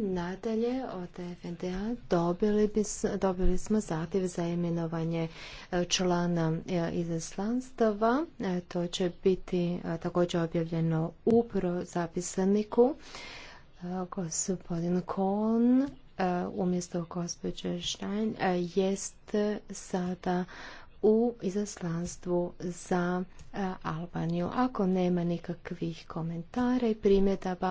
Nadalje od FNDA dobili, smo zahtjev za imenovanje e, člana e, izaslanstava. E, to će biti također objavljeno u zapisaniku. Gospodin Kohn umjesto gospođe Štajn jest sada u izaslanstvu za Albaniju. Ako nema nikakvih komentara i primjedaba,